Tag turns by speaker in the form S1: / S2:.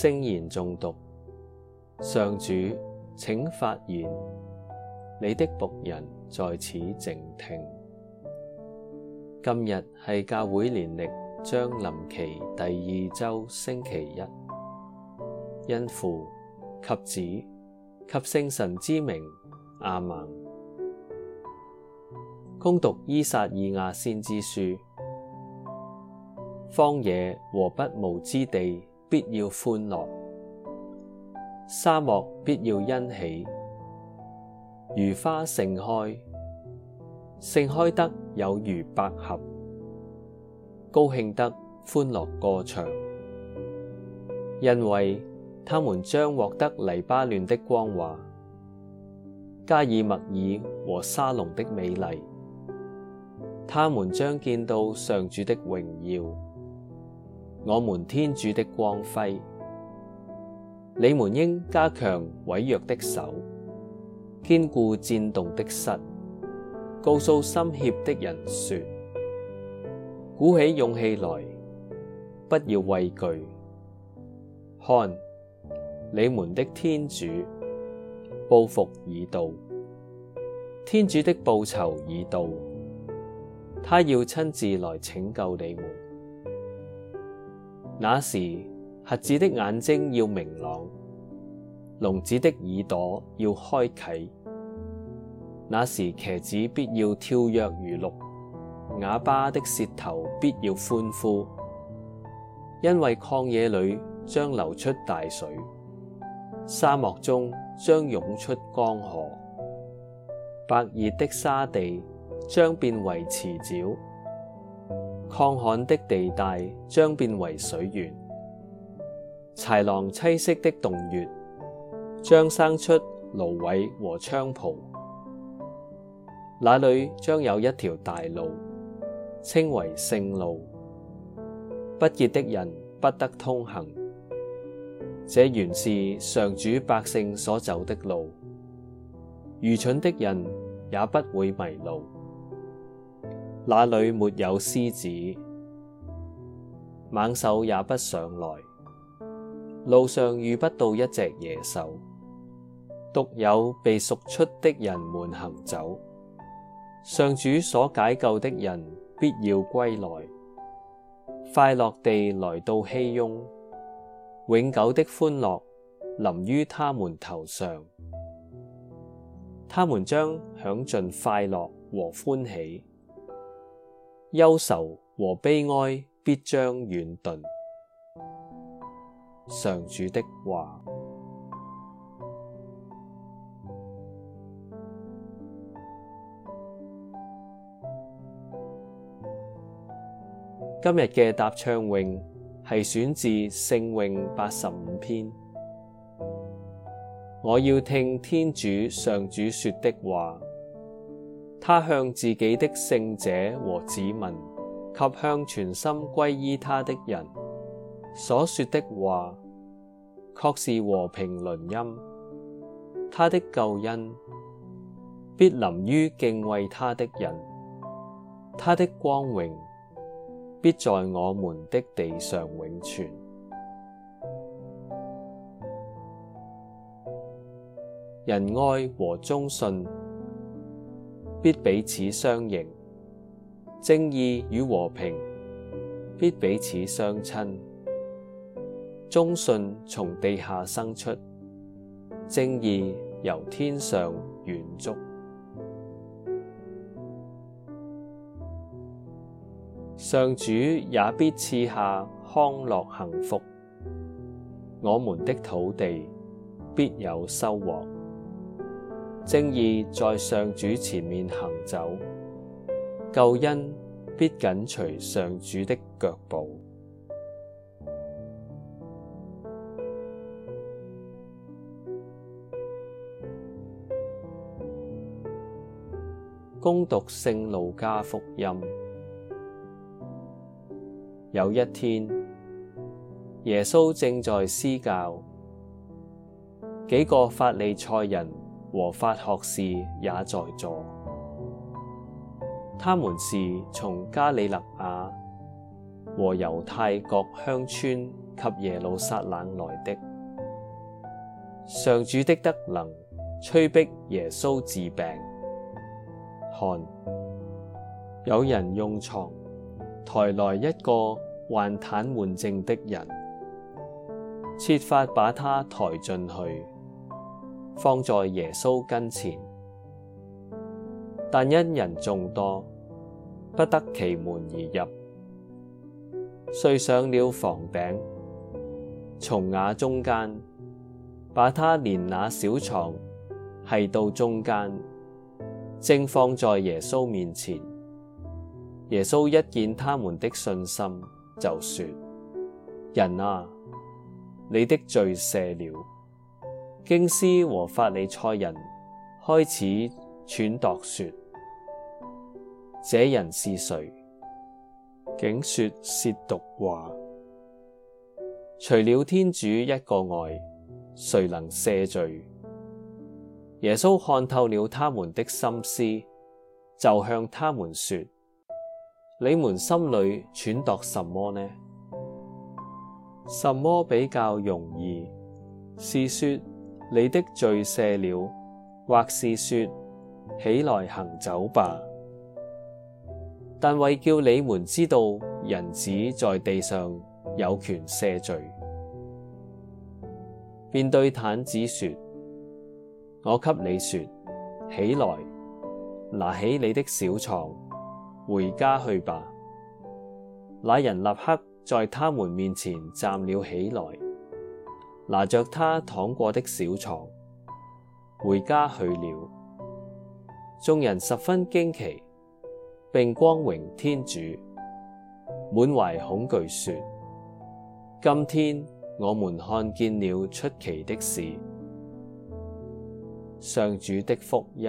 S1: 聖言誦讀，上主，請發言，你的僕人在此靜聽。今日係教會年曆將臨期第二周星期一，因父及子及聖神之名，阿門。恭讀依撒意亞先知書：荒野和不毛之地必要歡樂，沙漠必要欣喜，如花盛開，盛開得有如百合，高興得歡樂歌唱，因為他們將獲得黎巴嫩的光華，加爾默耳和沙龍的美麗，他們將見到上主的榮耀。我們天主的光輝，你們應加強痿弱的手，堅固顫動的膝。告訴心怯的人說：鼓起勇氣來，不要畏懼。看，你們的天主報復已到，天主的報酬已到，他要親自來拯救你們。那時，瞎子的眼睛要明朗，聾子的耳朵要開啟。那時，瘸子必要跳躍如鹿，啞巴的舌頭必要歡呼，因為曠野裡將流出大水，沙漠中將湧出江河，白熱的沙地將變為池沼。抗旱的地帶將變為水源，豺狼棲息的洞穴將生出蘆葦和菖蒲，那裏將有一條大路，稱為聖路，不潔的人不得通行。這原是上主百姓所走的路，愚蠢的人也不會迷路。那裏沒有獅子、猛獸，也不上來。路上遇不到一隻野獸，獨有被贖出的人們行走。上主所解救的人必要歸來，快樂地來到熙雍，永久的歡樂臨於他們頭上。他們將享盡快樂和歡喜。憂愁和悲哀必將遠遁。上主的話，今日嘅答唱詠係選自聖詠八十五篇。我要聽天主上主說的話。他向自己的聖者和子民，及向全心皈依他的人，所說的話，確是和平綸音。他的救恩，必臨於敬畏他的人，他的光榮，必在我們的地上永存。仁愛和忠信。必彼此相迎，正義與和平必彼此相親。忠信從地下生出，正義由天上遠矚。上主也必賜下康樂幸福，我們的土地必有收穫。正義在上主前面行走，救恩必緊隨上主的腳步。恭讀聖路加福音，有一天耶穌正在施教，幾個法利賽人，和法學士也在座，他們是從加里肋亞和猶太各鄉村及耶路撒冷來的。上主的德能催迫耶穌治病，看，有人用床抬來一個患癱瘓症的人，設法把他抬進去。放在耶穌跟前，但因人眾多，不得其門而入，遂上了房頂，從瓦中間，把他連那小床繫到中間，正放在耶穌面前。耶穌一見他們的信心，就說：人啊，你的罪赦了。經師和法利賽人開始忖度說：這人是誰？竟說褻瀆話？除了天主一個外，誰能赦罪？耶穌看透了他們的心思，就向他們說：你們心裏忖度什麼呢？什麼比較容易？是說。你的罪赦了，或是說起來行走吧。但為叫你們知道人子在地上有權赦罪，便對癱子說：我給你說，起來，拿起你的小床，回家去吧。那人立刻在他們面前站了起來。拿着他躺過的小床回家去了。眾人十分驚奇，並光榮天主，滿懷恐懼說：今天我們看見了出奇的事。上主的福音。